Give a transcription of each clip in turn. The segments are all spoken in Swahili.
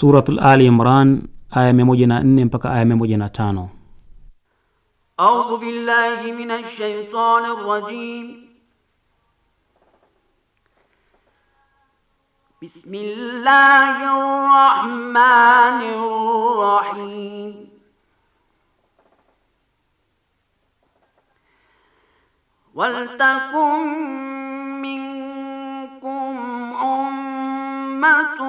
Suratul Ali Imran aya 104 mpaka aya 105. A'udhu billahi minash shaitanir rajim. Bismillahir rahmanir rahim. Waltakum minkum ummatun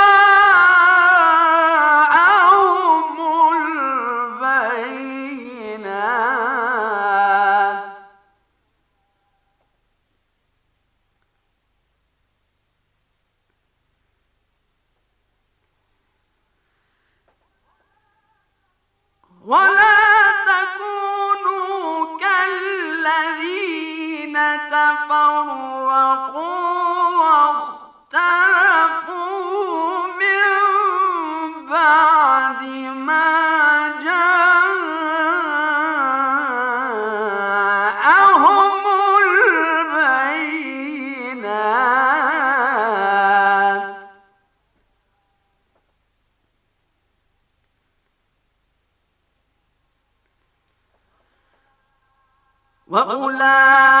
كفروا وأولئك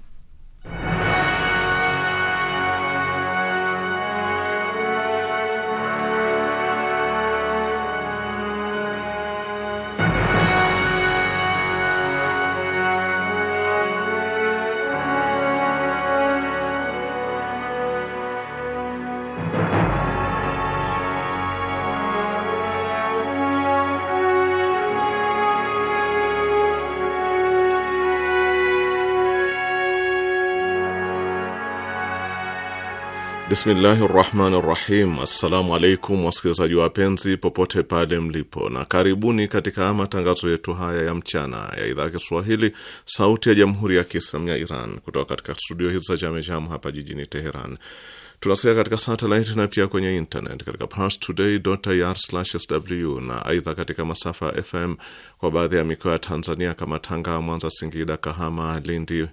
Bismillahi rahmani rahim. Assalamu alaikum wasikilizaji wapenzi popote pale mlipo, na karibuni katika matangazo yetu haya ya mchana ya idhaa ya Kiswahili sauti ya jamhuri ya Kiislamu ya Iran kutoka katika studio hizi za Jamejam hapa jijini Teheran. Tunasikia katika satelit na pia kwenye internet katika parstoday.ir/sw na aidha katika masafa ya FM kwa baadhi ya mikoa ya Tanzania kama Tanga, Mwanza, Singida, Kahama, Lindi,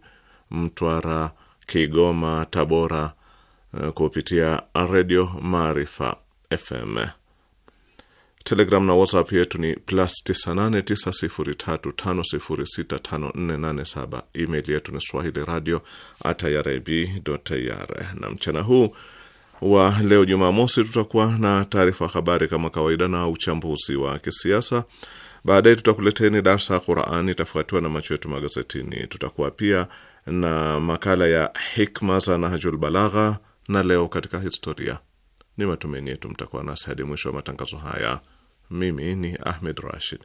Mtwara, Kigoma, Tabora, Eh, kupitia redio Maarifa FM. Telegram na WhatsApp yetu ni plus 989035065487. Email yetu ni swahili radio at irib Na mchana huu wa leo Jumamosi tutakuwa na taarifa habari kama kawaida na uchambuzi wa kisiasa. Baadaye tutakuleteni darsa ya Qurani, itafuatiwa na macho yetu magazetini. Tutakuwa pia na makala ya hikma za Nahjul Balagha na leo katika historia. Ni matumaini yetu mtakuwa nasi hadi mwisho wa matangazo haya. Mimi ni Ahmed Rashid.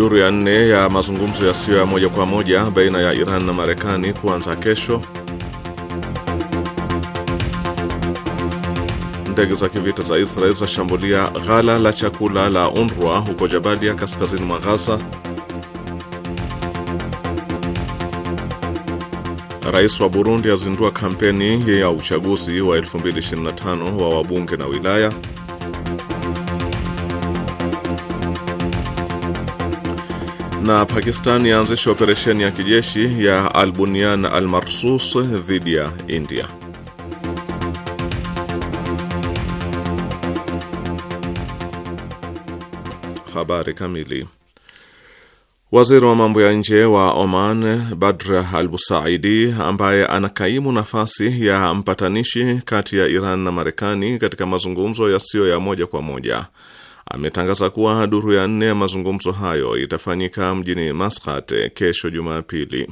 Duru ya nne ya mazungumzo yasiyo ya moja kwa moja baina ya Iran na Marekani kuanza kesho. Ndege za kivita za Israel zashambulia ghala la chakula la UNRWA huko Jabalia, kaskazini mwa Gaza. Rais wa Burundi azindua kampeni ya uchaguzi wa 2025 wa wabunge na wilaya na Pakistan yaanzisha operesheni ya kijeshi ya Albunyan Almarsus dhidi ya India. Habari kamili. Waziri wa mambo ya nje wa Oman Badr Albusaidi, ambaye anakaimu nafasi ya mpatanishi kati ya Iran na Marekani katika mazungumzo yasiyo ya moja kwa moja ametangaza kuwa duru ya nne ya mazungumzo hayo itafanyika mjini Maskat kesho Jumapili.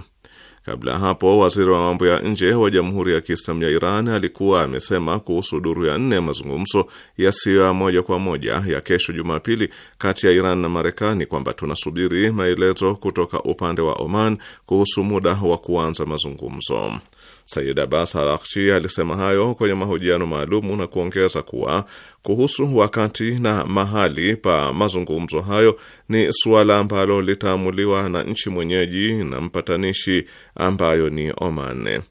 Kabla ya hapo, waziri wa mambo ya nje wa Jamhuri ya Kiislamu ya Iran alikuwa amesema kuhusu duru ya nne ya mazungumzo yasiyo ya moja kwa moja ya kesho Jumapili kati ya Iran na Marekani kwamba tunasubiri maelezo kutoka upande wa Oman kuhusu muda wa kuanza mazungumzo. Sayid Abbas Arakchi alisema hayo kwenye mahojiano maalumu na kuongeza kuwa kuhusu wakati na mahali pa mazungumzo hayo ni suala ambalo litaamuliwa na nchi mwenyeji na mpatanishi ambayo ni Oman.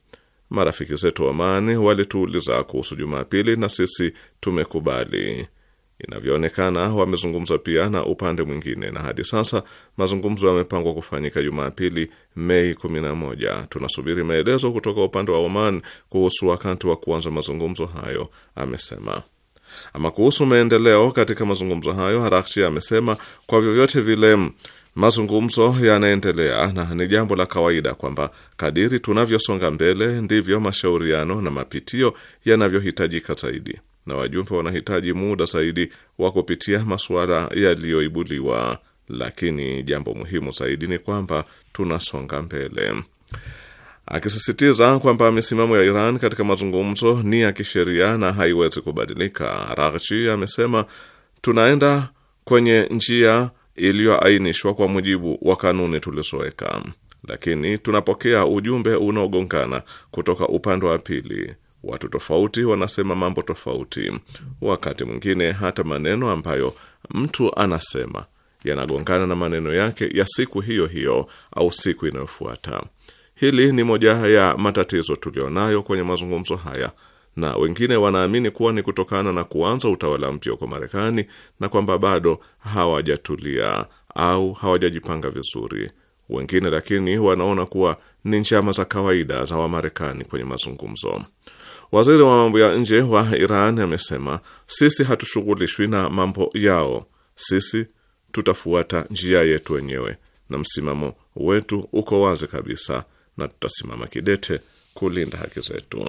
Marafiki zetu Oman walituuliza kuhusu Jumapili na sisi tumekubali Inavyoonekana wamezungumza pia na upande mwingine, na hadi sasa mazungumzo yamepangwa kufanyika Jumapili, Mei 11. Tunasubiri maelezo kutoka upande wa Oman kuhusu wakati wa kuanza mazungumzo hayo, amesema. Ama kuhusu maendeleo katika mazungumzo hayo, Harakshi amesema kwa vyovyote vile mazungumzo yanaendelea na ni jambo la kawaida kwamba kadiri tunavyosonga mbele ndivyo mashauriano na mapitio yanavyohitajika zaidi na wajumbe wanahitaji muda zaidi wa kupitia masuala yaliyoibuliwa, lakini jambo muhimu zaidi ni kwamba tunasonga mbele. Akisisitiza kwamba misimamo ya Iran katika mazungumzo ni ya kisheria na haiwezi kubadilika, Araghchi amesema tunaenda kwenye njia iliyoainishwa kwa mujibu wa kanuni tulizoweka, lakini tunapokea ujumbe unaogongana kutoka upande wa pili Watu tofauti wanasema mambo tofauti, wakati mwingine hata maneno ambayo mtu anasema yanagongana na maneno yake ya siku hiyo hiyo au siku inayofuata. Hili ni moja ya matatizo nayo kwenye mazungumzo haya, na wengine wanaamini kuwa ni kutokana na kuanza utawala mpya huko Marekani na kwamba bado hawajatulia au hawajajipanga vizuri. Wengine lakini wanaona kuwa ni njama za kawaida za Wamarekani kwenye mazungumzo. Waziri wa mambo ya nje wa Iran amesema sisi hatushughulishwi na mambo yao, sisi tutafuata njia yetu wenyewe na msimamo wetu uko wazi kabisa, na tutasimama kidete kulinda haki zetu.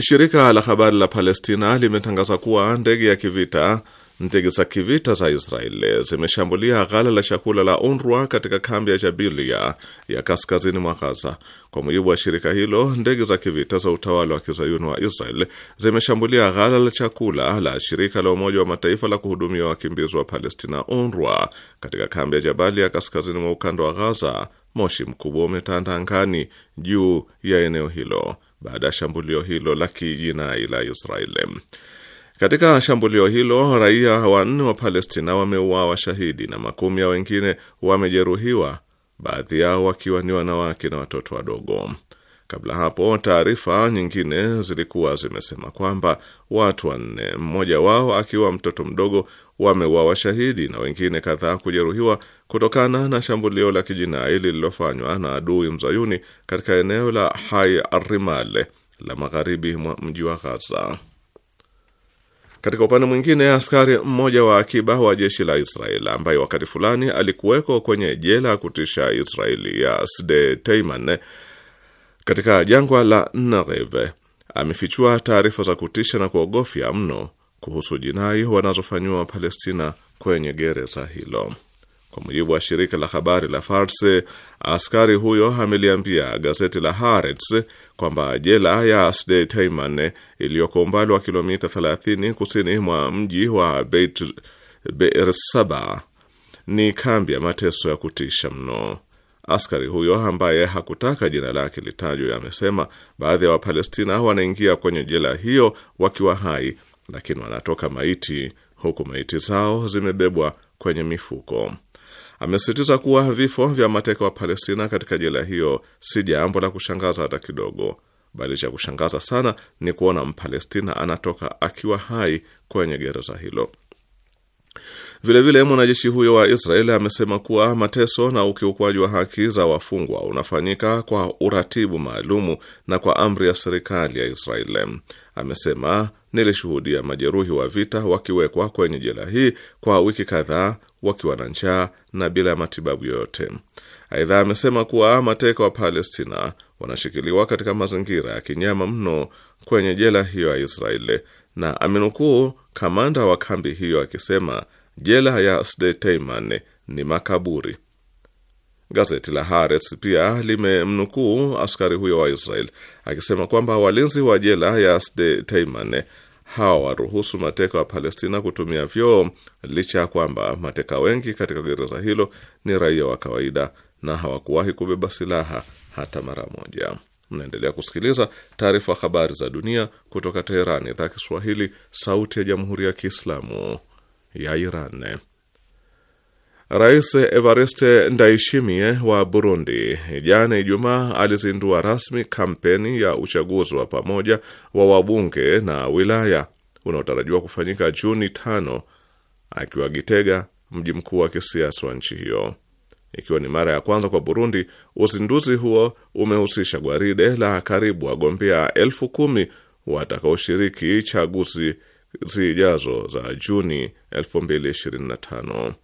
Shirika la habari la Palestina limetangaza kuwa ndege ya kivita Ndege za kivita za Israeli zimeshambulia ghala la chakula la UNRWA katika kambi ya Jabilia ya kaskazini mwa Gaza. Kwa mujibu wa shirika hilo, ndege za kivita za utawala wa kizayuni wa Israel zimeshambulia ghala la chakula la shirika la Umoja wa Mataifa la kuhudumia wakimbizi wa Palestina, UNRWA, katika kambi ya Jabalia kaskazini mwa ukanda wa Gaza. Moshi mkubwa umetanda angani juu ya eneo hilo baada ya shambulio hilo la kijinai la Israeli. Katika shambulio hilo raia wanne wa Palestina wameuawa shahidi na makumi ya wengine wamejeruhiwa, baadhi yao wakiwa ni wanawake na watoto wadogo. Kabla hapo, taarifa nyingine zilikuwa zimesema kwamba watu wanne, mmoja wao akiwa mtoto mdogo, wameuawa shahidi na wengine kadhaa kujeruhiwa kutokana na shambulio la kijinai lililofanywa na adui mzayuni katika eneo la Hai Arimale la magharibi mwa mji wa Ghaza. Katika upande mwingine, askari mmoja wa akiba wa jeshi la Israeli ambaye wakati fulani alikuwekwa kwenye jela ya kutisha Israeli ya Sde Teiman katika jangwa la Negev amefichua taarifa za kutisha na kuogofya mno kuhusu jinai wanazofanyiwa Wapalestina kwenye gereza hilo. Kwa mujibu wa shirika la habari la Farse, Askari huyo ameliambia gazeti la Haaretz kwamba jela ya Asde Taiman iliyoko umbali wa kilomita 30 kusini mwa mji wa Beit Saba ni kambi ya mateso ya kutisha mno. Askari huyo ambaye hakutaka jina lake litajwe amesema baadhi ya Wapalestina wanaingia kwenye jela hiyo wakiwa hai, lakini wanatoka maiti, huku maiti zao zimebebwa kwenye mifuko. Amesisitiza kuwa vifo vya mateka wa Palestina katika jela hiyo si jambo la kushangaza hata kidogo, bali cha kushangaza sana ni kuona Mpalestina anatoka akiwa hai kwenye gereza hilo. Vilevile, mwanajeshi huyo wa Israeli amesema kuwa mateso na ukiukwaji wa haki za wafungwa unafanyika kwa uratibu maalumu na kwa amri ya serikali ya Israeli. Amesema, nilishuhudia majeruhi wa vita wakiwekwa kwenye jela hii kwa wiki kadhaa wakiwa na njaa na bila ya matibabu yoyote. Aidha, amesema kuwa mateka wa Palestina wanashikiliwa katika mazingira ya kinyama mno kwenye jela hiyo ya Israeli, na amenukuu kamanda wa kambi hiyo akisema jela ya Sde Teiman ni makaburi. Gazeti la Haaretz pia limemnukuu askari huyo wa Israel akisema kwamba walinzi wa jela ya Sde Teiman hawa waruhusu mateka wa Palestina kutumia vyoo licha ya kwamba mateka wengi katika gereza hilo ni raia wa kawaida na hawakuwahi kubeba silaha hata mara moja. Mnaendelea kusikiliza taarifa habari za dunia kutoka Teherani, idhaa Kiswahili, sauti ya jamhuri ya kiislamu ya Iran. Rais Evariste Ndayishimiye wa Burundi jana Ijumaa alizindua rasmi kampeni ya uchaguzi wa pamoja wa wabunge na wilaya unaotarajiwa kufanyika Juni tano, akiwa Gitega, mji mkuu wa kisiasa wa nchi hiyo. Ikiwa ni mara ya kwanza kwa Burundi, uzinduzi huo umehusisha gwaride la karibu wagombea elfu kumi watakaoshiriki chaguzi zijazo za Juni 2025.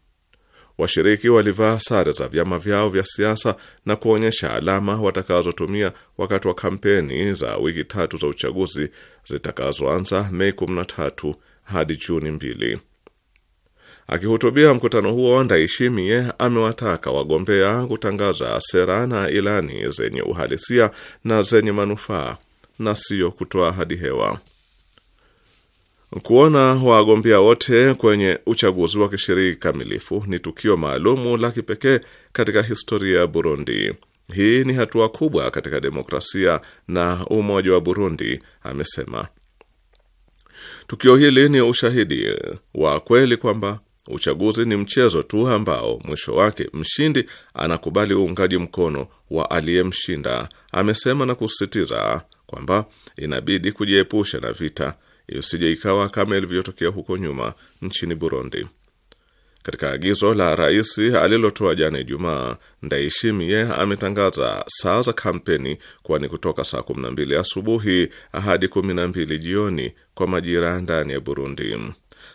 Washiriki walivaa sare za vyama vyao vya siasa na kuonyesha alama watakazotumia wakati wa kampeni za wiki tatu za uchaguzi zitakazoanza Mei 13 hadi Juni 2. Akihutubia mkutano huo, Ndaishimie amewataka wagombea kutangaza sera na ilani zenye uhalisia na zenye manufaa na siyo kutoa ahadi hewa. Kuona wagombea wote kwenye uchaguzi wa kishiriki kamilifu ni tukio maalumu la kipekee katika historia ya Burundi. Hii ni hatua kubwa katika demokrasia na umoja wa Burundi, amesema. Tukio hili ni ushahidi wa kweli kwamba uchaguzi ni mchezo tu ambao mwisho wake mshindi anakubali uungaji mkono wa aliyemshinda, amesema na kusisitiza kwamba inabidi kujiepusha na vita isije ikawa kama ilivyotokea huko nyuma nchini Burundi. Katika agizo la rais alilotoa jana Ijumaa, Ndayishimiye ametangaza saa za kampeni, kwani kutoka saa 12 asubuhi hadi 12 jioni kwa majira ndani ya Burundi.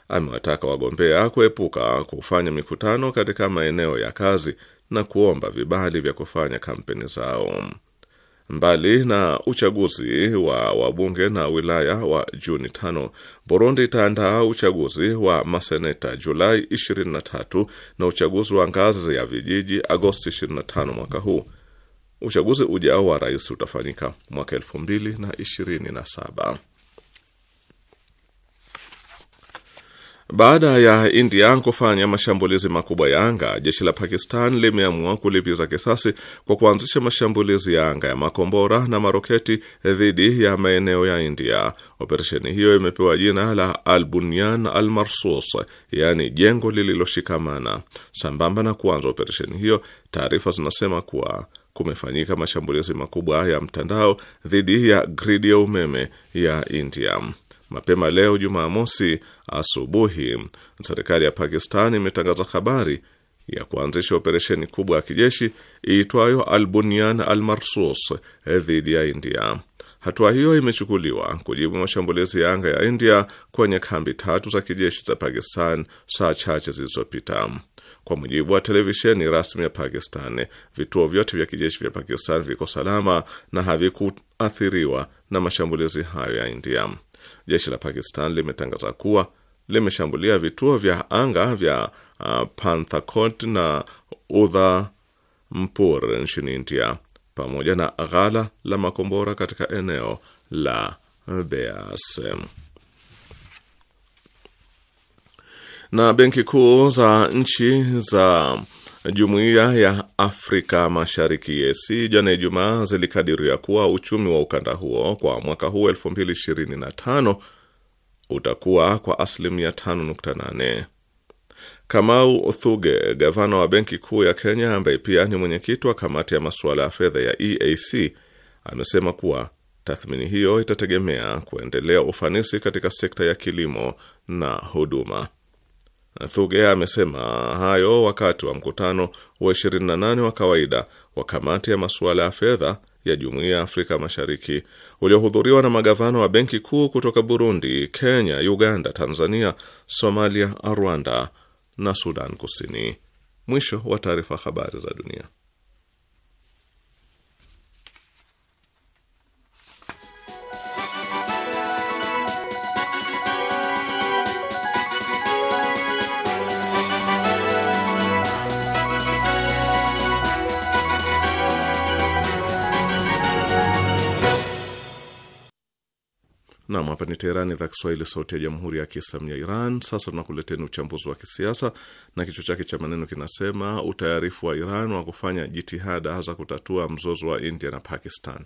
Amewataka wagombea kuepuka kufanya mikutano katika maeneo ya kazi na kuomba vibali vya kufanya kampeni zao. Mbali na uchaguzi wa wabunge na wilaya wa Juni tano, Burundi itaandaa uchaguzi wa maseneta Julai 23 na uchaguzi wa ngazi ya vijiji Agosti 25 mwaka huu. Uchaguzi ujao wa rais utafanyika mwaka 2027. Baada ya India kufanya mashambulizi makubwa ya anga, jeshi la Pakistan limeamua kulipiza kisasi kwa kuanzisha mashambulizi ya anga ya makombora na maroketi dhidi ya maeneo ya India. Operesheni hiyo imepewa jina la albunian al Marsus, yaani jengo lililoshikamana. Sambamba na kuanza operesheni hiyo, taarifa zinasema kuwa kumefanyika mashambulizi makubwa ya mtandao dhidi ya gridi ya umeme ya India. Mapema leo Jumamosi asubuhi, serikali ya Pakistan imetangaza habari ya kuanzisha operesheni kubwa ya kijeshi iitwayo Albunyan Almarsus dhidi ya India. Hatua hiyo imechukuliwa kujibu mashambulizi ya anga ya India kwenye kambi tatu za kijeshi za Pakistan saa chache zilizopita. Kwa mujibu wa televisheni rasmi ya Pakistan, vituo vyote vya kijeshi vya Pakistan viko salama na havikuathiriwa na mashambulizi hayo ya India jeshi la Pakistan limetangaza kuwa limeshambulia vituo vya anga vya uh, Panthakot na Udhampur nchini India pamoja na ghala la makombora katika eneo la Beas. Na benki kuu za nchi za Jumuiya ya Afrika Mashariki EAC jana Ijumaa zilikadiria kuwa uchumi wa ukanda huo kwa mwaka huu 2025 utakuwa kwa asilimia 5.8. Kamau Thuge, gavana wa Benki Kuu ya Kenya ambaye pia ni mwenyekiti wa kamati ya masuala ya fedha ya EAC, amesema kuwa tathmini hiyo itategemea kuendelea ufanisi katika sekta ya kilimo na huduma. Thuge amesema hayo wakati wa mkutano wa 28 wa kawaida wa kamati ya masuala ya fedha ya Jumuiya ya Afrika Mashariki uliohudhuriwa na magavana wa benki kuu kutoka Burundi, Kenya, Uganda, Tanzania, Somalia, Rwanda na Sudan Kusini. Mwisho wa taarifa. Habari za dunia. Nam, hapa ni Teherani, idhaa Kiswahili, sauti ya jamhuri ya kiislamu ya Iran. Sasa tunakuleteni uchambuzi wa kisiasa na kichwa chake cha maneno kinasema utayarifu wa Iran wa kufanya jitihada za kutatua mzozo wa India na Pakistan.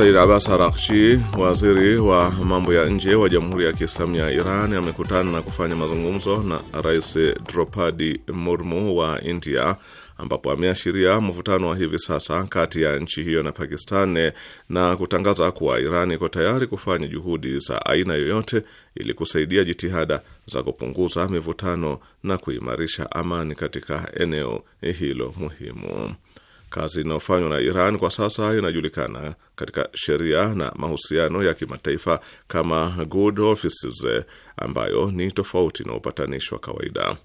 Said Abbas Arakshi, waziri wa mambo ya nje wa Jamhuri ya Kiislamu ya Iran, amekutana na kufanya mazungumzo na Rais Dropadi Murmu wa India, ambapo ameashiria mvutano wa hivi sasa kati ya nchi hiyo na Pakistan na kutangaza kuwa Iran iko tayari kufanya juhudi za aina yoyote ili kusaidia jitihada za kupunguza mivutano na kuimarisha amani katika eneo hilo muhimu. Kazi inayofanywa na Iran kwa sasa inajulikana katika sheria na mahusiano ya kimataifa kama good offices, ambayo ni tofauti na upatanishi wa kawaida.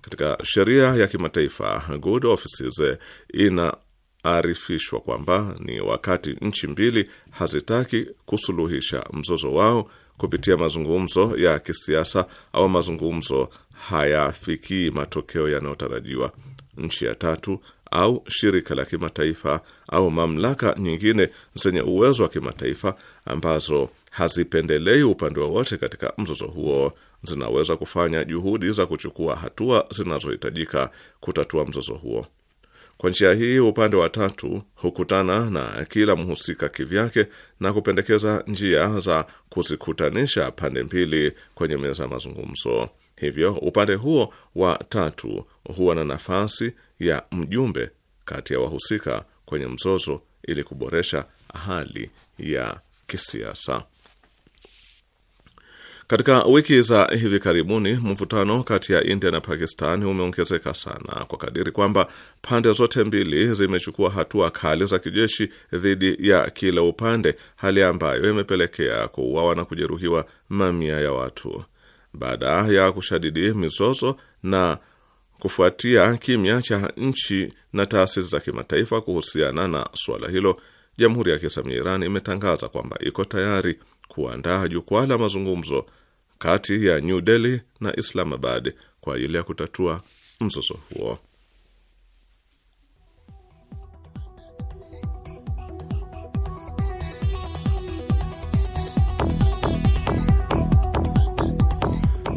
Katika sheria ya kimataifa good offices inaarifishwa kwamba ni wakati nchi mbili hazitaki kusuluhisha mzozo wao kupitia mazungumzo ya kisiasa au mazungumzo hayafikii matokeo yanayotarajiwa, nchi ya tatu au shirika la kimataifa au mamlaka nyingine zenye uwezo wa kimataifa ambazo hazipendelei upande wowote katika mzozo huo zinaweza kufanya juhudi za kuchukua hatua zinazohitajika kutatua mzozo huo. Kwa njia hii, upande wa tatu hukutana na kila mhusika kivyake na kupendekeza njia za kuzikutanisha pande mbili kwenye meza ya mazungumzo. Hivyo upande huo wa tatu huwa na nafasi ya mjumbe kati ya wahusika kwenye mzozo ili kuboresha hali ya kisiasa. Katika wiki za hivi karibuni mvutano kati ya India na Pakistani umeongezeka sana kwa kadiri kwamba pande zote mbili zimechukua hatua kali za kijeshi dhidi ya kila upande, hali ambayo imepelekea kuuawa na kujeruhiwa mamia ya watu. Baada ya kushadidi mizozo na Kufuatia kimya cha nchi na taasisi za kimataifa kuhusiana na suala hilo, Jamhuri ya Kiislamu ya Iran imetangaza kwamba iko tayari kuandaa jukwaa la mazungumzo kati ya New Delhi na Islamabad kwa ajili ya kutatua mzozo huo.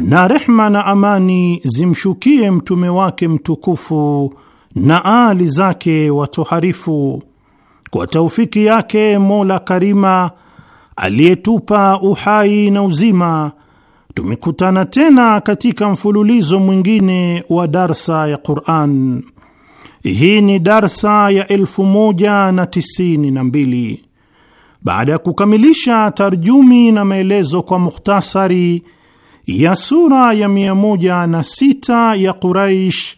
na rehma na amani zimshukie mtume wake mtukufu na aali zake watoharifu. Kwa taufiki yake Mola Karima aliyetupa uhai na uzima, tumekutana tena katika mfululizo mwingine wa darsa ya Qur'an. Hii ni darsa ya elfu moja na tisini na mbili baada ya kukamilisha tarjumi na maelezo kwa mukhtasari ya sura ya sita ya Quraish.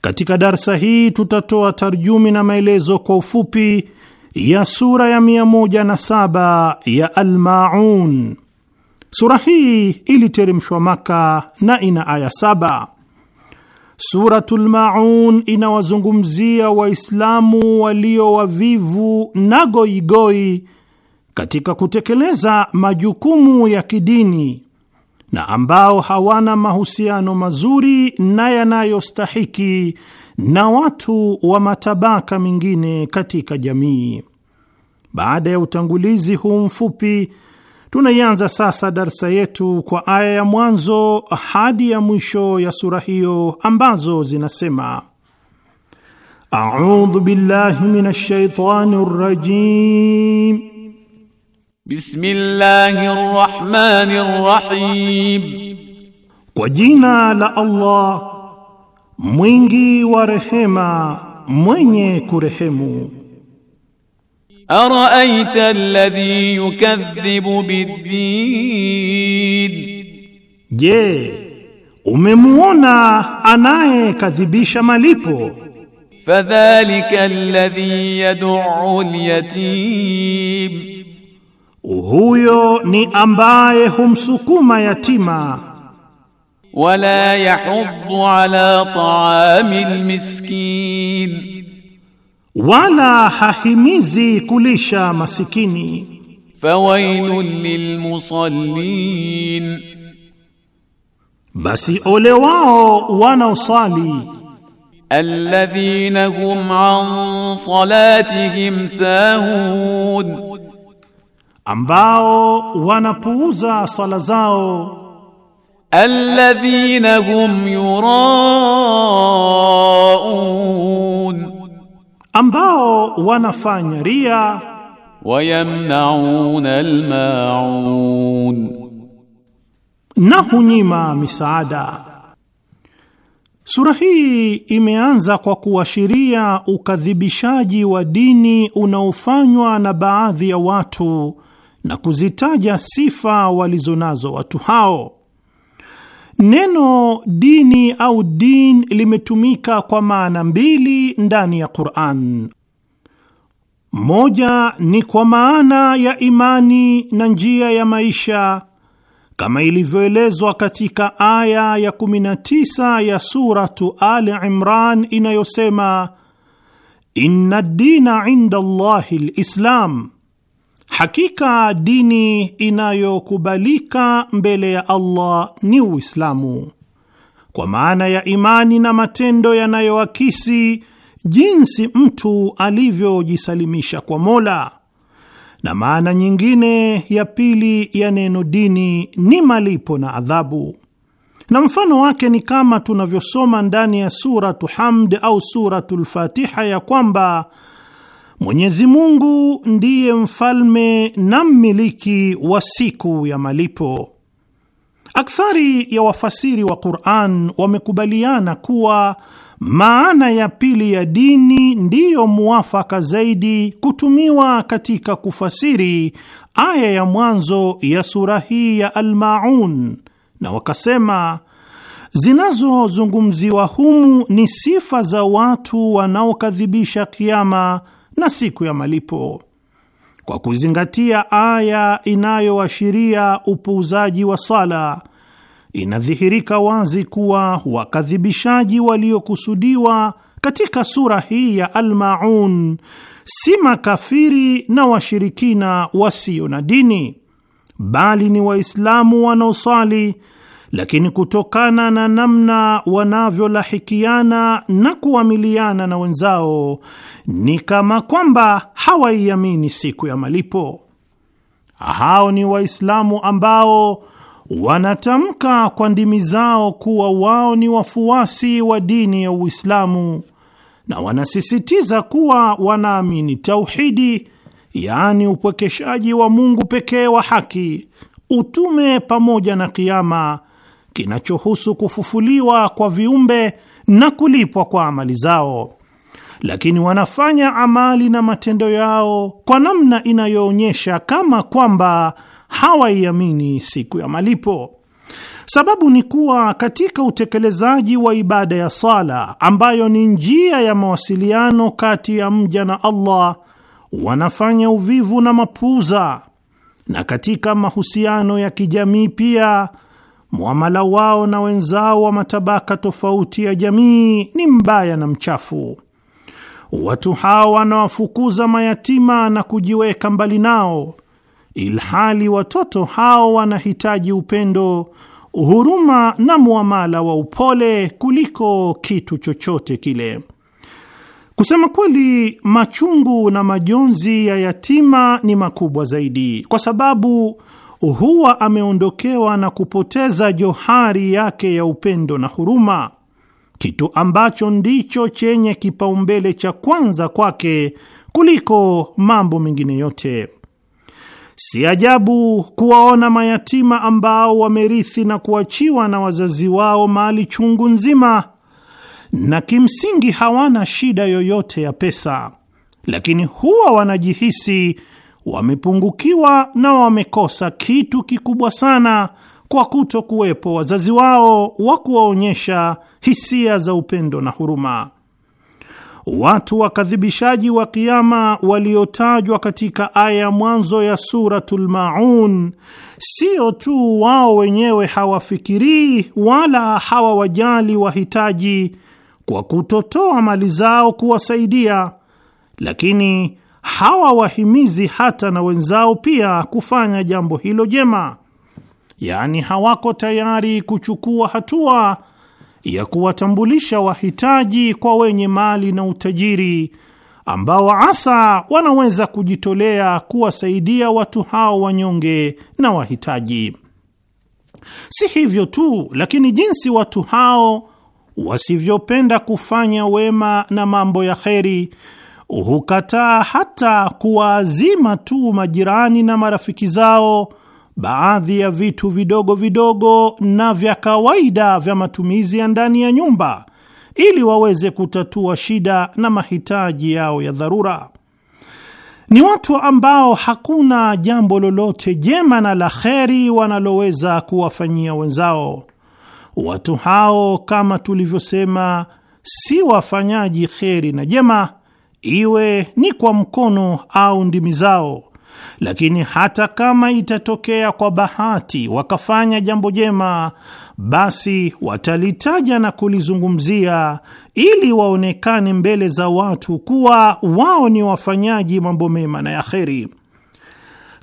Katika darsa hii tutatoa tarjumi na maelezo kwa ufupi ya sura ya saba ya Almaun. Sura hii iliteremshwa Maka na ina aya saba. Suratul Maun inawazungumzia Waislamu walio wavivu na goigoi katika kutekeleza majukumu ya kidini na ambao hawana mahusiano mazuri na yanayostahiki na watu wa matabaka mengine katika jamii. Baada ya utangulizi huu mfupi, tunaianza sasa darsa yetu kwa aya ya mwanzo hadi ya mwisho ya sura hiyo ambazo zinasema: audhu billahi minash shaitani Bism Kwa jina la Allah mwingi wa rehema mwenye kurehemu. Araita alladhi yukadhibu biddin, je, umemuona anayekadhibisha malipo? Fadhalika alladhi yad'u alyatim Huyo ni ambaye humsukuma yatima, wala yahuddu ala taamil miskin, wala hahimizi kulisha masikini. Fawailun lilmusallin, basi ole wao wanaosali. Alladhina hum an salatihim sahun ambao wanapuuza sala zao. Alladhina hum yuraun, ambao wanafanya ria. Wayamnaun almaun, na hunyima misaada. Sura hii imeanza kwa kuashiria ukadhibishaji wa dini unaofanywa na baadhi ya watu na kuzitaja sifa walizonazo watu hao. Neno dini au din limetumika kwa maana mbili ndani ya Qur'an. Moja ni kwa maana ya imani na njia ya maisha kama ilivyoelezwa katika aya ya 19 ya suratu Ali Imran inayosema, inna dina inda Allahi lislam Hakika dini inayokubalika mbele ya Allah ni Uislamu, kwa maana ya imani na matendo yanayoakisi jinsi mtu alivyojisalimisha kwa Mola. Na maana nyingine ya pili ya neno dini ni malipo na adhabu, na mfano wake ni kama tunavyosoma ndani ya Suratu Hamd au Suratul Fatiha ya kwamba Mwenyezi Mungu ndiye mfalme na mmiliki wa siku ya malipo. Akthari ya wafasiri wa Qur'an wamekubaliana kuwa maana ya pili ya dini ndiyo muafaka zaidi kutumiwa katika kufasiri aya ya mwanzo ya sura hii ya Al-Maun, na wakasema zinazozungumziwa humu ni sifa za watu wanaokadhibisha kiama na siku ya malipo. Kwa kuzingatia aya inayoashiria upuuzaji wa sala, inadhihirika wazi kuwa wakadhibishaji waliokusudiwa katika sura hii ya Almaun si makafiri na washirikina wasio na dini, bali ni Waislamu wanaosali lakini kutokana na namna wanavyolahikiana na kuamiliana na wenzao ni kama kwamba hawaiamini siku ya malipo. Hao ni Waislamu ambao wanatamka kwa ndimi zao kuwa wao ni wafuasi wa dini ya Uislamu na wanasisitiza kuwa wanaamini tauhidi, yaani upwekeshaji wa Mungu pekee wa haki, utume pamoja na kiama kinachohusu kufufuliwa kwa viumbe na kulipwa kwa amali zao, lakini wanafanya amali na matendo yao kwa namna inayoonyesha kama kwamba hawaiamini siku ya malipo. Sababu ni kuwa katika utekelezaji wa ibada ya sala, ambayo ni njia ya mawasiliano kati ya mja na Allah, wanafanya uvivu na mapuuza, na katika mahusiano ya kijamii pia muamala wao na wenzao wa matabaka tofauti ya jamii ni mbaya na mchafu. Watu hawa wanawafukuza mayatima na kujiweka mbali nao, ilhali watoto hao wanahitaji upendo, huruma na muamala wa upole kuliko kitu chochote kile. Kusema kweli, machungu na majonzi ya yatima ni makubwa zaidi, kwa sababu huwa ameondokewa na kupoteza johari yake ya upendo na huruma, kitu ambacho ndicho chenye kipaumbele cha kwanza kwake kuliko mambo mengine yote. Si ajabu kuwaona mayatima ambao wamerithi na kuachiwa na wazazi wao mali chungu nzima na kimsingi hawana shida yoyote ya pesa, lakini huwa wanajihisi wamepungukiwa na wamekosa kitu kikubwa sana kwa kutokuwepo wazazi wao wa kuwaonyesha hisia za upendo na huruma. Watu wakadhibishaji wa kiama waliotajwa katika aya ya mwanzo ya Suratul Maun, sio tu wao wenyewe hawafikirii wala hawawajali wahitaji kwa kutotoa mali zao kuwasaidia, lakini hawawahimizi hata na wenzao pia kufanya jambo hilo jema, yaani hawako tayari kuchukua hatua ya kuwatambulisha wahitaji kwa wenye mali na utajiri ambao asa wanaweza kujitolea kuwasaidia watu hao wanyonge na wahitaji. Si hivyo tu, lakini jinsi watu hao wasivyopenda kufanya wema na mambo ya kheri hukataa hata kuwaazima tu majirani na marafiki zao baadhi ya vitu vidogo vidogo na vya kawaida vya matumizi ya ndani ya nyumba ili waweze kutatua shida na mahitaji yao ya dharura. Ni watu ambao hakuna jambo lolote jema na la kheri wanaloweza kuwafanyia wenzao. Watu hao, kama tulivyosema, si wafanyaji kheri na jema iwe ni kwa mkono au ndimi zao. Lakini hata kama itatokea kwa bahati wakafanya jambo jema, basi watalitaja na kulizungumzia ili waonekane mbele za watu kuwa wao ni wafanyaji mambo mema na ya kheri.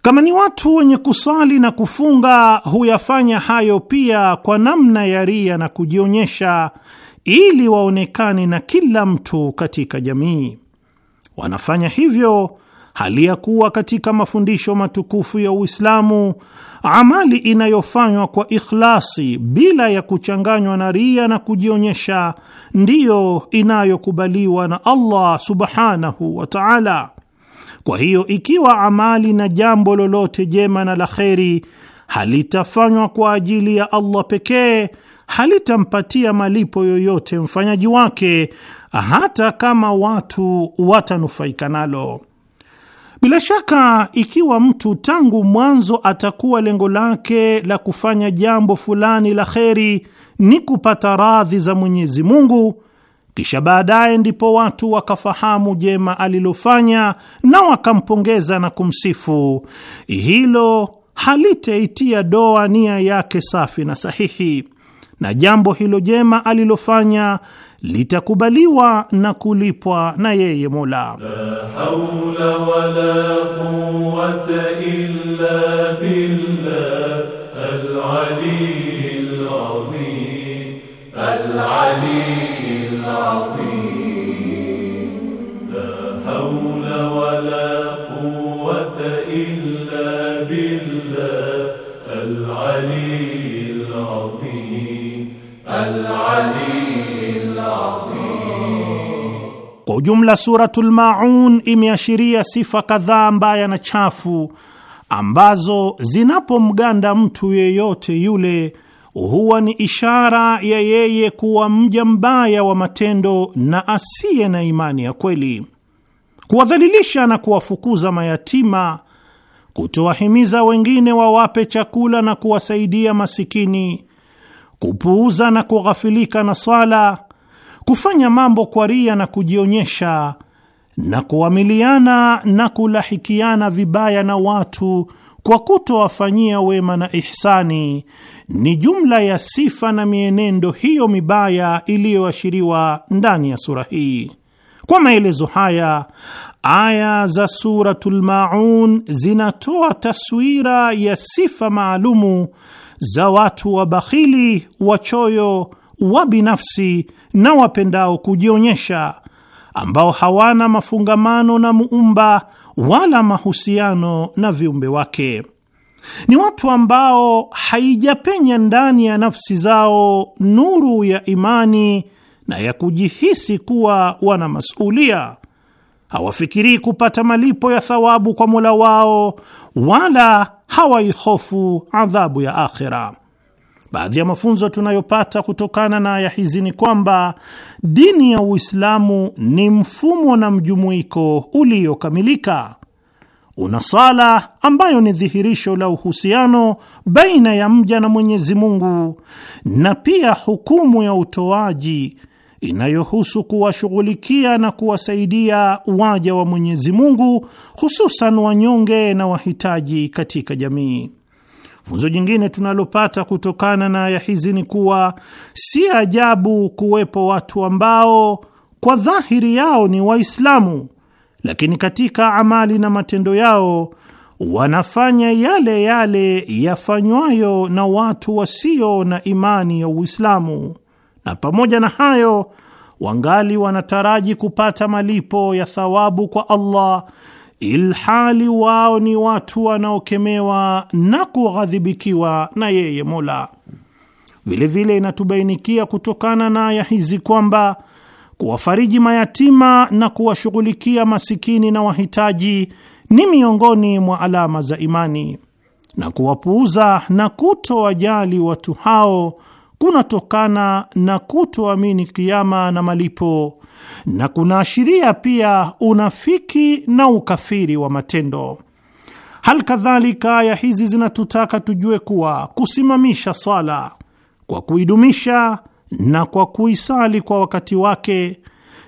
Kama ni watu wenye kusali na kufunga, huyafanya hayo pia kwa namna ya ria na kujionyesha, ili waonekane na kila mtu katika jamii. Wanafanya hivyo hali ya kuwa katika mafundisho matukufu ya Uislamu, amali inayofanywa kwa ikhlasi bila ya kuchanganywa na ria na kujionyesha ndiyo inayokubaliwa na Allah subhanahu wa ta'ala. Kwa hiyo ikiwa amali na jambo lolote jema na la kheri halitafanywa kwa ajili ya Allah pekee halitampatia malipo yoyote mfanyaji wake, hata kama watu watanufaika nalo. Bila shaka, ikiwa mtu tangu mwanzo atakuwa lengo lake la kufanya jambo fulani la kheri ni kupata radhi za Mwenyezi Mungu, kisha baadaye ndipo watu wakafahamu jema alilofanya na wakampongeza na kumsifu, hilo halitaitia doa nia yake safi na sahihi, na jambo hilo jema alilofanya litakubaliwa na kulipwa na yeye Mola. La al-aliyyil ujumla, Suratul Maun imeashiria sifa kadhaa mbaya na chafu ambazo zinapomganda mtu yeyote yule huwa ni ishara ya yeye kuwa mja mbaya wa matendo na asiye na imani ya kweli. Kuwadhalilisha na kuwafukuza mayatima, kutowahimiza wengine wawape chakula na kuwasaidia masikini, kupuuza na kughafilika na swala kufanya mambo kwa ria na kujionyesha na kuamiliana na kulahikiana vibaya na watu kwa kutowafanyia wema na ihsani ni jumla ya sifa na mienendo hiyo mibaya iliyoashiriwa ndani ya sura hii. Kwa maelezo haya, aya za Suratul Maun zinatoa taswira ya sifa maalumu za watu wabakhili, wachoyo, wa binafsi na wapendao kujionyesha, ambao hawana mafungamano na muumba wala mahusiano na viumbe wake. Ni watu ambao haijapenya ndani ya nafsi zao nuru ya imani na ya kujihisi kuwa wana masulia. Hawafikirii kupata malipo ya thawabu kwa Mola wao wala hawaihofu adhabu ya akhira. Baadhi ya mafunzo tunayopata kutokana na aya hizi ni kwamba dini ya Uislamu ni mfumo na mjumuiko uliokamilika. Una sala ambayo ni dhihirisho la uhusiano baina ya mja na Mwenyezi Mungu, na pia hukumu ya utoaji inayohusu kuwashughulikia na kuwasaidia waja wa Mwenyezi Mungu, hususan wanyonge na wahitaji katika jamii. Funzo jingine tunalopata kutokana na aya hizi ni kuwa si ajabu kuwepo watu ambao kwa dhahiri yao ni Waislamu, lakini katika amali na matendo yao wanafanya yale yale yafanywayo na watu wasio na imani ya Uislamu, na pamoja na hayo wangali wanataraji kupata malipo ya thawabu kwa Allah ilhali wao ni watu wanaokemewa na kughadhibikiwa na yeye Mola. Vilevile vile inatubainikia kutokana na aya hizi kwamba kuwafariji mayatima na kuwashughulikia masikini na wahitaji ni miongoni mwa alama za imani, na kuwapuuza na kutowajali watu hao kunatokana na kutoamini kiama na malipo na kunaashiria pia unafiki na ukafiri wa matendo. Hal kadhalika aya hizi zinatutaka tujue kuwa kusimamisha swala kwa kuidumisha na kwa kuisali kwa wakati wake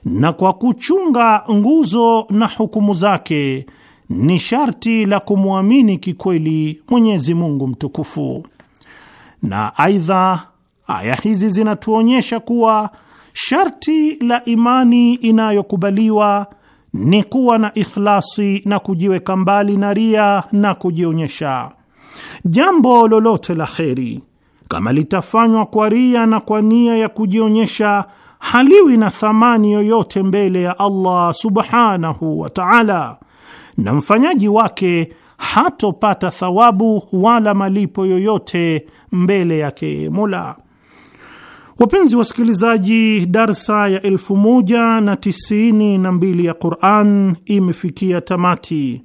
na kwa kuchunga nguzo na hukumu zake ni sharti la kumwamini kikweli Mwenyezi Mungu mtukufu. Na aidha Aya hizi zinatuonyesha kuwa sharti la imani inayokubaliwa ni kuwa na ikhlasi na kujiweka mbali na ria na kujionyesha. Jambo lolote la kheri kama litafanywa kwa ria na kwa nia ya kujionyesha haliwi na thamani yoyote mbele ya Allah subhanahu wa ta'ala, na mfanyaji wake hatopata thawabu wala malipo yoyote mbele yake Mola. Wapenzi wasikilizaji, darsa ya elfu moja na tisini na mbili ya Quran imefikia tamati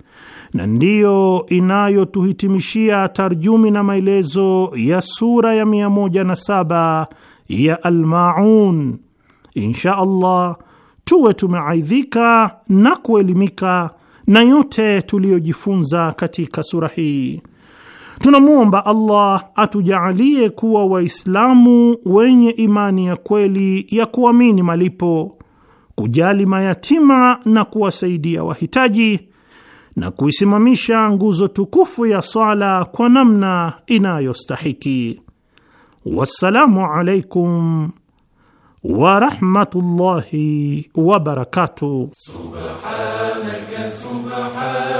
na ndiyo inayotuhitimishia tarjumi na maelezo ya sura ya mia moja na saba ya Almaun. Insha Allah tuwe tumeaidhika na kuelimika na yote tuliyojifunza katika sura hii. Tunamwomba Allah atujaalie kuwa Waislamu wenye imani ya kweli ya kuamini malipo, kujali mayatima na kuwasaidia wahitaji na kuisimamisha nguzo tukufu ya sala kwa namna inayostahiki. Wassalamu alaikum wa rahmatullahi wa barakatuh. Subhanaka subhanaka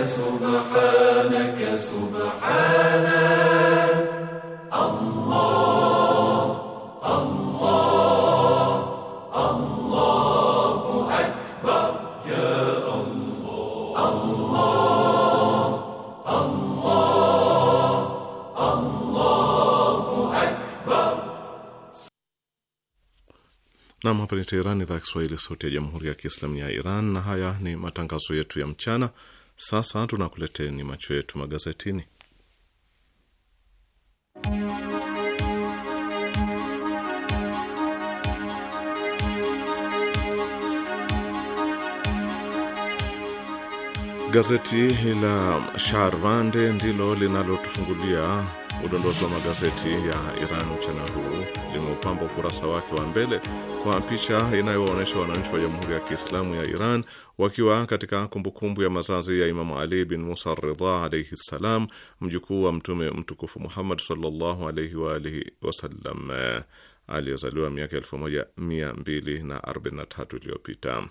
hapa ni Teherani, idhaa ya Kiswahili, sauti ya jamhuri ya kiislamu ya Iran, na haya ni matangazo yetu ya mchana. Sasa tunakuleteni macho yetu magazetini. Gazeti la Sharvande ndilo linalotufungulia Udondozi wa magazeti ya Iran mchana huu limeupamba ukurasa wake wa mbele kwa picha inayowaonyesha wananchi wa Jamhuri ya Kiislamu ya Iran wakiwa katika kumbukumbu ya mazazi ya Imamu Ali bin Musa Ridha alaihi ssalam, mjukuu wa Mtume mtukufu Muhammad sallallahu alaihi wa alihi wasallam aliyezaliwa miaka 1243 iliyopita.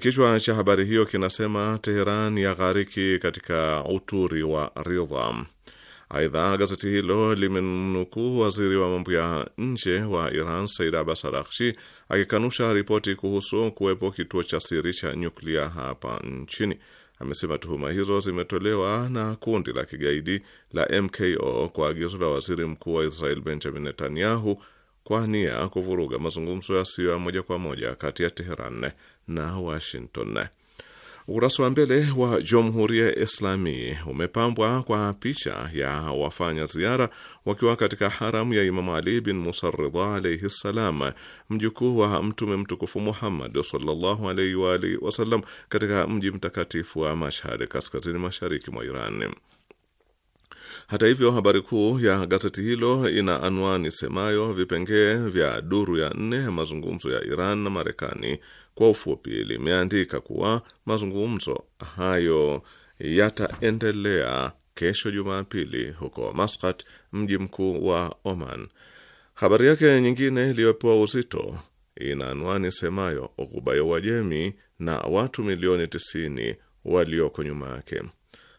Kichwa cha habari hiyo kinasema Teheran ya ghariki katika uturi wa ridha. Aidha, gazeti hilo limenukuu waziri wa mambo ya nje wa Iran Said Abbas akikanusha ripoti kuhusu kuwepo kituo cha siri cha nyuklia hapa nchini. Amesema tuhuma hizo zimetolewa na kundi la kigaidi la MKO kwa agizo la waziri mkuu wa Israel Benjamin Netanyahu kwa nia kuvuruga mazungumzo yasiyo ya moja kwa moja kati ya Teheran na Washington. Ukurasa wa mbele wa Jamhuri ya Islami umepambwa kwa picha ya wafanya ziara wakiwa katika haramu ya Imamu Ali bin Musa Ridha alaihi ssalam, mjukuu wa Mtume mtukufu Muhammad sallallahu alaihi wa alihi wasallam, katika mji mtakatifu wa Mashhad, kaskazini mashariki mwa Iran. Hata hivyo habari kuu ya gazeti hilo ina anwani semayo vipengee vya duru ya nne ya mazungumzo ya Iran na Marekani kwa ufupi, limeandika kuwa mazungumzo hayo yataendelea kesho Jumapili huko Maskat, mji mkuu wa Oman. Habari yake nyingine iliyopewa uzito ina anwani semayo ghuba ya Uajemi na watu milioni 90 walioko nyuma yake.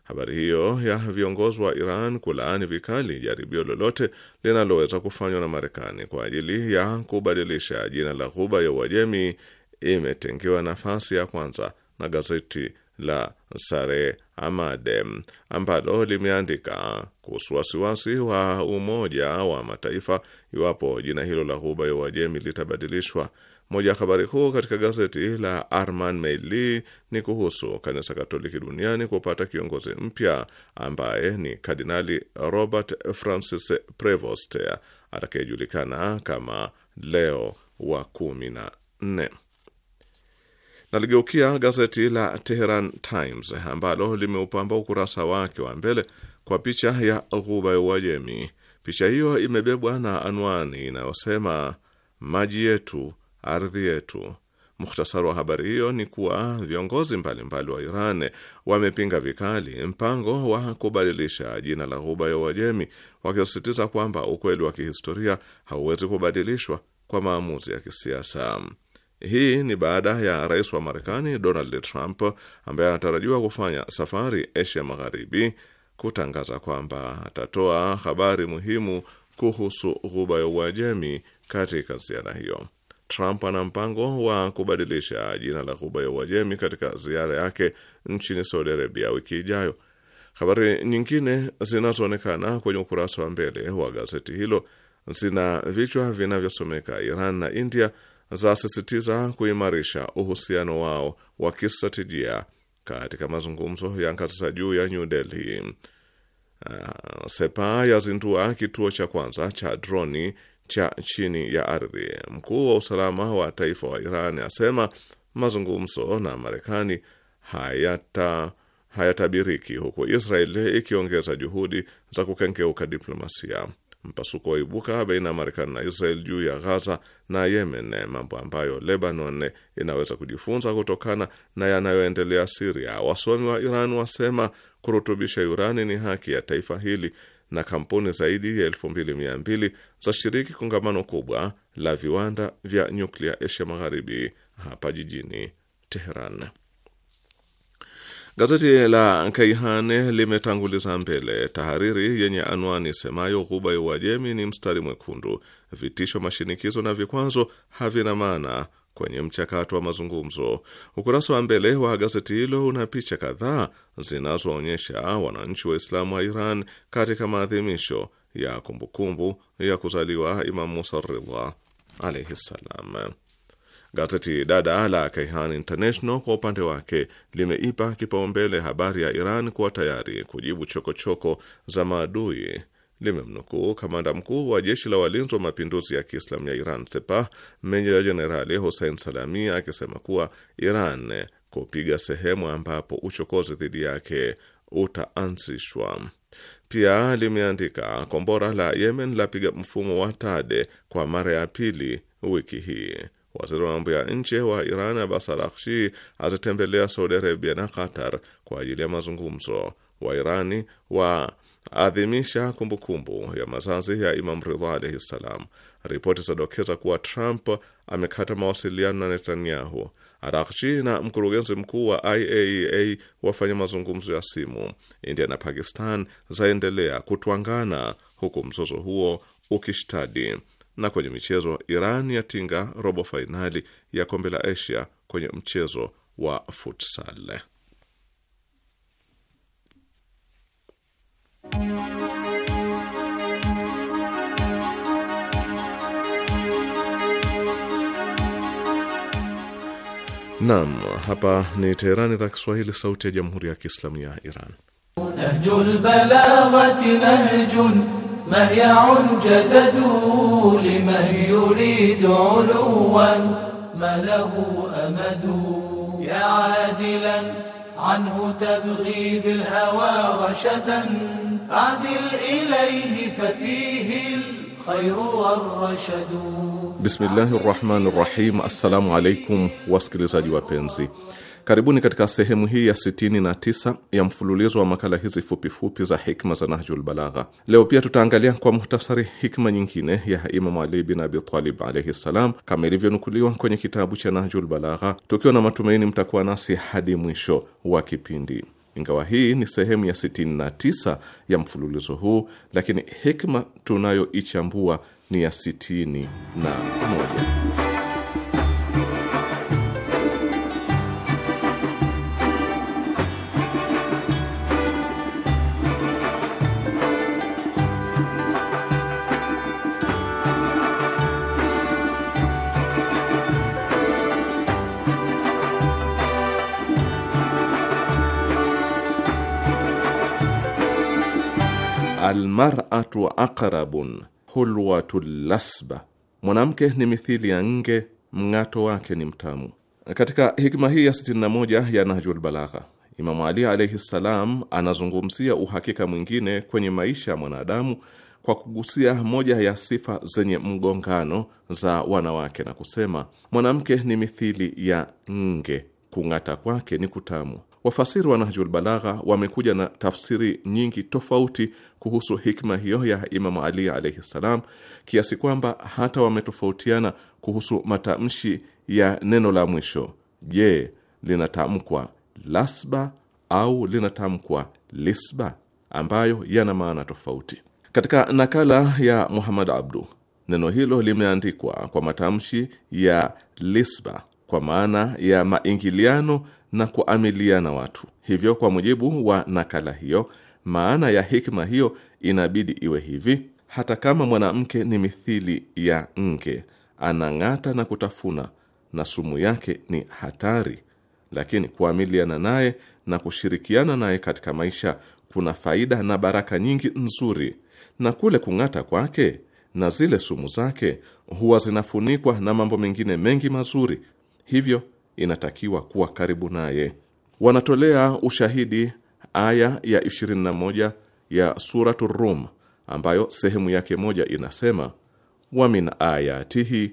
Habari hiyo ya viongozi wa Iran kulaani vikali jaribio lolote linaloweza kufanywa na Marekani kwa ajili ya kubadilisha jina la ghuba ya Uajemi imetengewa nafasi ya kwanza na gazeti la Sare Amade ambalo limeandika kuhusu wasiwasi wa Umoja wa Mataifa iwapo jina hilo la Ghuba ya Uajemi litabadilishwa. Moja ya habari kuu katika gazeti la Arman Meili ni kuhusu kanisa Katoliki duniani kupata kiongozi mpya ambaye ni Kardinali Robert Francis Prevost atakayejulikana kama Leo wa kumi na nne. Naligeukia gazeti la Teheran Times ambalo limeupamba ukurasa wake wa mbele kwa picha ya ghuba ya Uajemi. Picha hiyo imebebwa na anwani inayosema maji yetu, ardhi yetu. Muhtasari wa habari hiyo ni kuwa viongozi mbalimbali wa Iran wamepinga vikali mpango wa kubadilisha jina la ghuba ya Uajemi, wakisisitiza kwamba ukweli wa kihistoria hauwezi kubadilishwa kwa maamuzi ya kisiasa. Hii ni baada ya rais wa Marekani Donald Trump ambaye anatarajiwa kufanya safari Asia Magharibi kutangaza kwamba atatoa habari muhimu kuhusu ghuba ya Uajemi katika ziara hiyo. Trump ana mpango wa kubadilisha jina la ghuba ya Uajemi katika ziara yake nchini Saudi Arabia wiki ijayo. Habari nyingine zinazoonekana kwenye ukurasa wa mbele wa gazeti hilo zina vichwa vinavyosomeka Iran na India zasisitiza kuimarisha uhusiano wao wa kistratejia katika mazungumzo ya ngazi za juu ya New Delhi. Uh, Sepa yazindua kituo cha kwanza cha droni cha chini ya ardhi. Mkuu wa usalama wa taifa wa Iran asema mazungumzo na Marekani hayata hayatabiriki huku Israeli ikiongeza juhudi za kukengeuka diplomasia mpasuko waibuka baina ya Marekani na Israel juu ya Ghaza na Yemen, mambo ambayo Lebanon inaweza kujifunza kutokana na yanayoendelea Siria. Wasomi wa Iran wasema kurutubisha urani ni haki ya taifa hili, na kampuni zaidi ya elfu mbili mia mbili kongamano kubwa la viwanda vya nyuklia Asia Magharibi hapa jijini Teheran. Gazeti la Kaihane limetanguliza mbele tahariri yenye anwani semayo Ghuba ya Uajemi ni mstari mwekundu, vitisho, mashinikizo na vikwazo havina maana kwenye mchakato wa mazungumzo. Ukurasa wa mbele wa gazeti hilo una picha kadhaa zinazoonyesha wananchi Waislamu wa Iran katika maadhimisho ya kumbukumbu ya kuzaliwa Imam Musa Ridha alaihi ssalam. Gazeti dada la Kaihan International kwa upande wake limeipa kipaumbele habari ya Iran kuwa tayari kujibu chokochoko choko za maadui. Limemnukuu kamanda mkuu wa jeshi la walinzi wa mapinduzi ya Kiislamu ya Iran sepa meja jenerali Hussein Salami akisema kuwa Iran kupiga sehemu ambapo uchokozi dhidi yake utaanzishwa. Pia limeandika kombora la Yemen lapiga mfumo wa Tade kwa mara ya pili wiki hii. Waziri wa mambo ya nje wa Iran Abbas Araghchi atatembelea Saudi Arabia na Qatar kwa ajili ya mazungumzo. Wairani waadhimisha kumbukumbu ya mazazi ya Imam Ridha alaihi ssalam. Ripoti zadokeza kuwa Trump amekata mawasiliano na Netanyahu. Araghchi na mkurugenzi mkuu wa IAEA e wafanya mazungumzo ya simu. India na Pakistan zaendelea kutwangana huku mzozo huo ukishtadi. Na kwenye michezo, Iran yatinga robo fainali ya kombe la Asia kwenye mchezo wa futsal. Naam, hapa ni Teherani, idhaa Kiswahili, sauti ya jamhuri ya kiislamu ya Iran. مهيع جدد لمن يريد علوا ما له أمد يا عادلا عنه تبغي بالهوى رشدا أعدل إليه ففيه الخير والرشد بسم الله الرحمن الرحيم السلام عليكم wasikilizaji وبنزي Karibuni katika sehemu hii ya 69 ya mfululizo wa makala hizi fupifupi za hikma za Nahjul Balagha. Leo pia tutaangalia kwa muhtasari hikma nyingine ya Imamu Ali bin Abi Talib alaihi ssalam, kama ilivyonukuliwa kwenye kitabu cha Nahjul Balagha, tukiwa na matumaini mtakuwa nasi hadi mwisho wa kipindi. Ingawa hii ni sehemu ya 69 ya mfululizo huu, lakini hikma tunayoichambua ni ya 61. almaratu aqrabun hulwatu lasba, mwanamke ni mithili ya nge, mng'ato wake ni mtamu. Katika hikma hii ya 61 ya Nahjul Balagha, Imamu Ali alaihi ssalam anazungumzia uhakika mwingine kwenye maisha ya mwanadamu kwa kugusia moja ya sifa zenye mgongano za wanawake na kusema, mwanamke ni mithili ya nge, kung'ata kwake ni kutamu. Wafasiri wa Nahjul Balagha wamekuja na tafsiri nyingi tofauti kuhusu hikma hiyo ya Imamu Ali alaihi ssalam, kiasi kwamba hata wametofautiana kuhusu matamshi ya neno la mwisho. Je, linatamkwa lasba au linatamkwa lisba, ambayo yana maana tofauti. Katika nakala ya Muhammad Abdu, neno hilo limeandikwa kwa matamshi ya lisba kwa maana ya maingiliano na kuamiliana watu. Hivyo, kwa mujibu wa nakala hiyo, maana ya hikma hiyo inabidi iwe hivi: hata kama mwanamke ni mithili ya nge, anang'ata na kutafuna na sumu yake ni hatari, lakini kuamiliana naye na kushirikiana naye katika maisha kuna faida na baraka nyingi nzuri, na kule kung'ata kwake na zile sumu zake huwa zinafunikwa na mambo mengine mengi mazuri, hivyo inatakiwa kuwa karibu naye. Wanatolea ushahidi aya ya 21 ya suratu Rum ambayo sehemu yake moja inasema, wa min ayatihi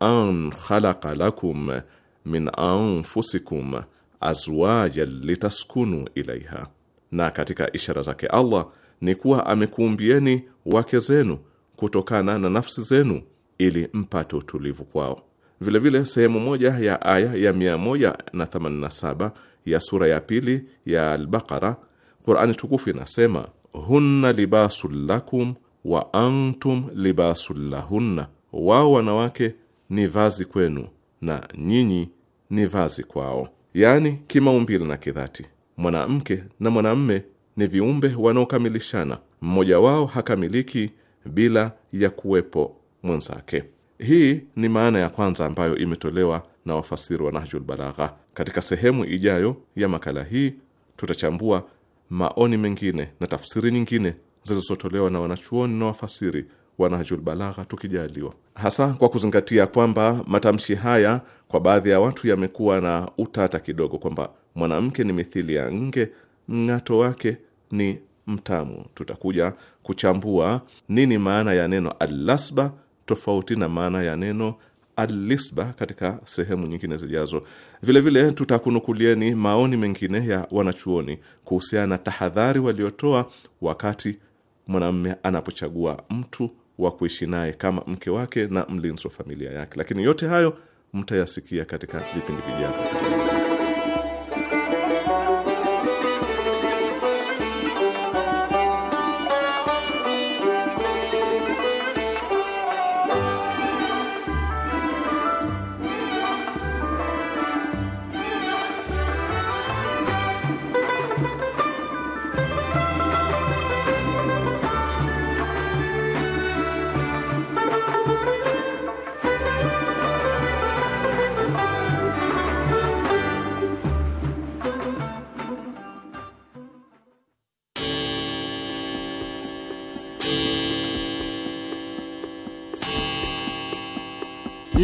an khalaqa lakum min anfusikum azwajan litaskunu ilaiha, na katika ishara zake Allah ni kuwa amekuumbieni wake zenu kutokana na nafsi zenu ili mpate utulivu kwao. Vilevile sehemu moja ya aya ya 187 ya sura ya pili ya Al-Baqara, Qur'ani tukufu inasema hunna libasul lakum wa antum libasul lahunna, wao wanawake ni vazi kwenu na nyinyi ni vazi kwao, yaani kimaumbile na kidhati. Mwanamke na mwanamme ni viumbe wanaokamilishana, mmoja wao hakamiliki bila ya kuwepo mwenzake. Hii ni maana ya kwanza ambayo imetolewa na wafasiri wa Nahjul Balagha. Katika sehemu ijayo ya makala hii tutachambua maoni mengine na tafsiri nyingine zilizotolewa na wanachuoni na wafasiri wa Nahjul Balagha tukijaliwa, hasa kwa kuzingatia kwamba matamshi haya kwa baadhi ya watu yamekuwa na utata kidogo, kwamba mwanamke ni mithili ya nge, mng'ato wake ni mtamu. Tutakuja kuchambua nini maana ya neno allasba tofauti na maana ya neno alisba katika sehemu nyingine zijazo. Vilevile tutakunukulieni maoni mengine ya wanachuoni kuhusiana na tahadhari waliotoa wakati mwanamume anapochagua mtu wa kuishi naye kama mke wake na mlinzi wa familia yake. Lakini yote hayo mtayasikia katika vipindi vijavyo.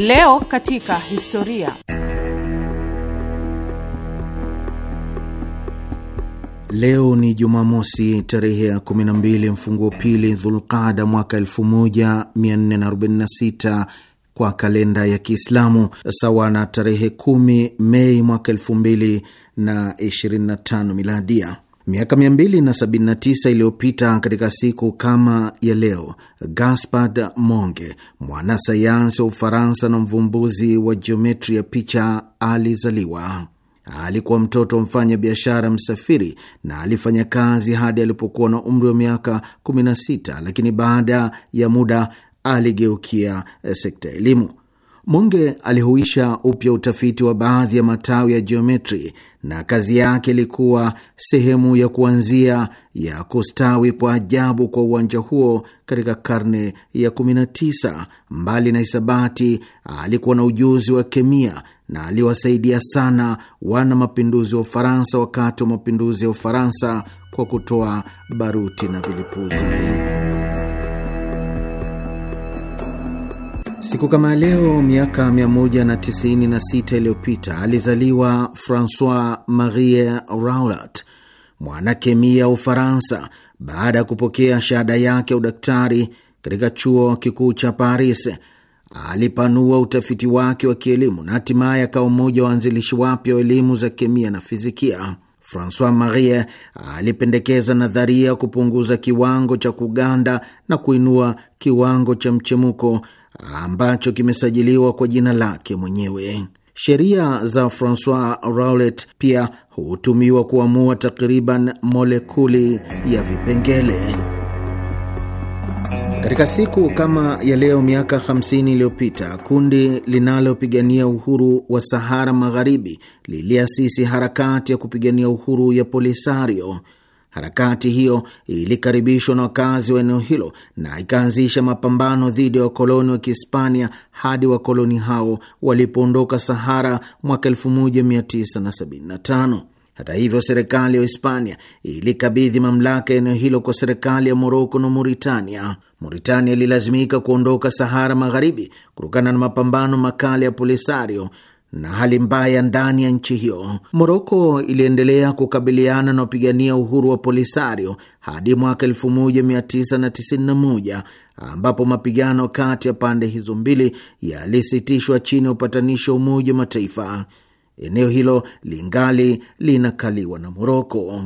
Leo katika historia. Leo ni Jumamosi tarehe ya 12 mfunguo pili Dhulqada mwaka 1446 kwa kalenda ya Kiislamu, sawa na tarehe 10 Mei mwaka 2025 miladia. Miaka 279 iliyopita katika siku kama ya leo, Gaspard Monge, mwanasayansi wa Ufaransa na mvumbuzi wa jiometri ya picha, alizaliwa. Alikuwa mtoto mfanya biashara msafiri na alifanya kazi hadi alipokuwa na umri wa miaka 16, lakini baada ya muda aligeukia sekta elimu. Monge alihuisha upya utafiti wa baadhi ya matawi ya jiometri na kazi yake ilikuwa sehemu ya kuanzia ya kustawi kwa ajabu kwa uwanja huo katika karne ya 19. Mbali na hisabati, alikuwa na ujuzi wa kemia na aliwasaidia sana wana mapinduzi wa Ufaransa wakati wa mapinduzi ya Ufaransa kwa kutoa baruti na vilipuzi. Siku kama leo miaka 196 iliyopita alizaliwa Francois Marie Raoult, mwanakemia Ufaransa, baada ya kupokea shahada yake ya udaktari katika chuo kikuu cha Paris. Alipanua utafiti wake wa kielimu na hatimaye akawa mmoja wa waanzilishi wapya wa elimu za kemia na fizikia. Francois Marie alipendekeza nadharia ya kupunguza kiwango cha kuganda na kuinua kiwango cha mchemuko ambacho kimesajiliwa kwa jina lake mwenyewe. Sheria za Francois Rowlet pia hutumiwa kuamua takriban molekuli ya vipengele. Katika siku kama ya leo miaka 50 iliyopita kundi linalopigania uhuru wa Sahara Magharibi liliasisi harakati ya kupigania uhuru ya Polisario Harakati hiyo ilikaribishwa na wakazi wa eneo hilo na ikaanzisha mapambano dhidi ya wakoloni wa Kihispania hadi wakoloni hao walipoondoka Sahara mwaka 1975. Hata hivyo, serikali ya Hispania ilikabidhi mamlaka ya eneo hilo kwa serikali ya Moroko na Mauritania. Mauritania ililazimika kuondoka Sahara Magharibi kutokana na mapambano makali ya Polisario na hali mbaya ndani ya nchi hiyo. Moroko iliendelea kukabiliana na wapigania uhuru wa Polisario hadi mwaka 1991 ambapo mapigano kati ya pande hizo mbili yalisitishwa chini ya upatanishi wa Umoja wa Mataifa. Eneo hilo lingali linakaliwa na Moroko.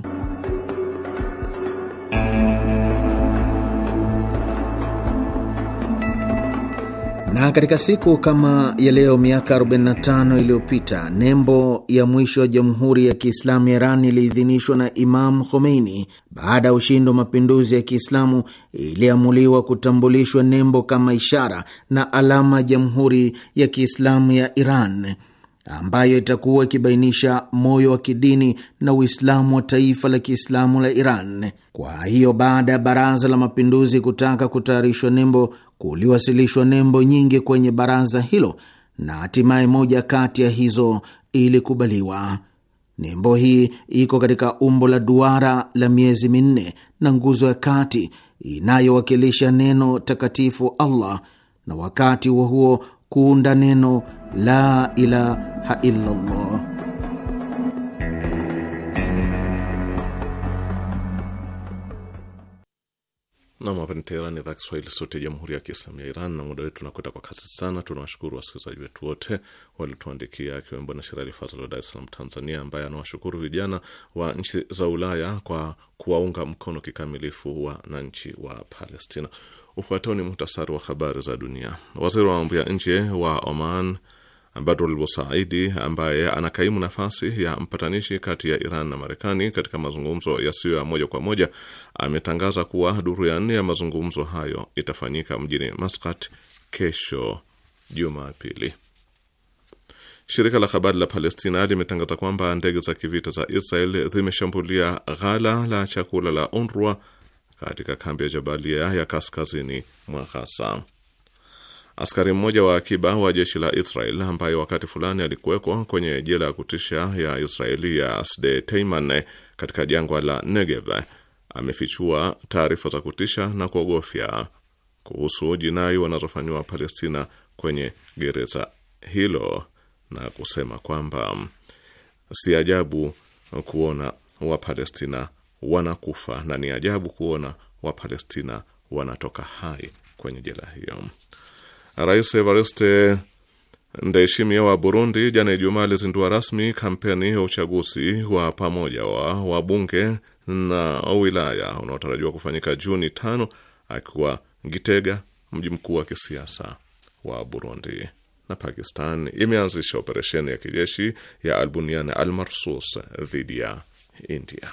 Na katika siku kama ya leo miaka 45 iliyopita nembo ya mwisho ya Jamhuri ya Kiislamu ya Iran iliidhinishwa na Imam Khomeini. Baada ya ushindi wa mapinduzi ya Kiislamu, iliamuliwa kutambulishwa nembo kama ishara na alama ya Jamhuri ya Kiislamu ya Iran ambayo itakuwa ikibainisha moyo wa kidini na Uislamu wa taifa la Kiislamu la Iran. Kwa hiyo, baada ya Baraza la Mapinduzi kutaka kutayarishwa nembo, kuliwasilishwa nembo nyingi kwenye baraza hilo na hatimaye moja kati ya hizo ilikubaliwa. Nembo hii iko katika umbo la duara la miezi minne na nguzo ya kati inayowakilisha neno takatifu Allah, na wakati huo huo kuunda neno la ilaha illallah. Nam, hapa ni Teherani, idhaa Kiswahili, sauti ya jamhuri ya kiislamu ya Iran. Na muda wetu unakwenda kwa kasi sana. Tunawashukuru wasikilizaji wetu wote waliotuandikia, akiwemo Bwana Sherali Fazl wa Dar es Salaam, Tanzania, ambaye anawashukuru vijana wa nchi za Ulaya kwa kuwaunga mkono kikamilifu wananchi wa Palestina. Ufuatao ni muhtasari wa habari za dunia. Waziri wa mambo ya nje wa Oman Badrul Busaidi ambaye anakaimu nafasi ya mpatanishi kati ya Iran na Marekani katika mazungumzo yasiyo ya moja kwa moja ametangaza kuwa duru ya nne ya mazungumzo hayo itafanyika mjini Maskat kesho Jumapili. Shirika la habari la Palestina limetangaza kwamba ndege za kivita za Israel zimeshambulia ghala la chakula la UNRWA katika kambi ya Jabalia ya kaskazini mwa Ghaza. Askari mmoja wa akiba wa jeshi la Israel ambaye wakati fulani alikuwekwa kwenye jela ya kutisha ya Israeli ya Sde Teiman katika jangwa la Negev amefichua taarifa za kutisha na kuogofya kuhusu jinai wanazofanyiwa Palestina kwenye gereza hilo na kusema kwamba si ajabu kuona Wapalestina wanakufa na ni ajabu kuona Wapalestina wanatoka hai kwenye jela hiyo. Rais Evariste Ndayishimiye wa Burundi jana Ijumaa alizindua rasmi kampeni ya uchaguzi wa pamoja wa wabunge na wilaya unaotarajiwa kufanyika Juni tano akiwa Gitega, mji mkuu wa kisiasa wa Burundi. Na Pakistan imeanzisha operesheni ya kijeshi ya Albunian Almarsus dhidi ya India.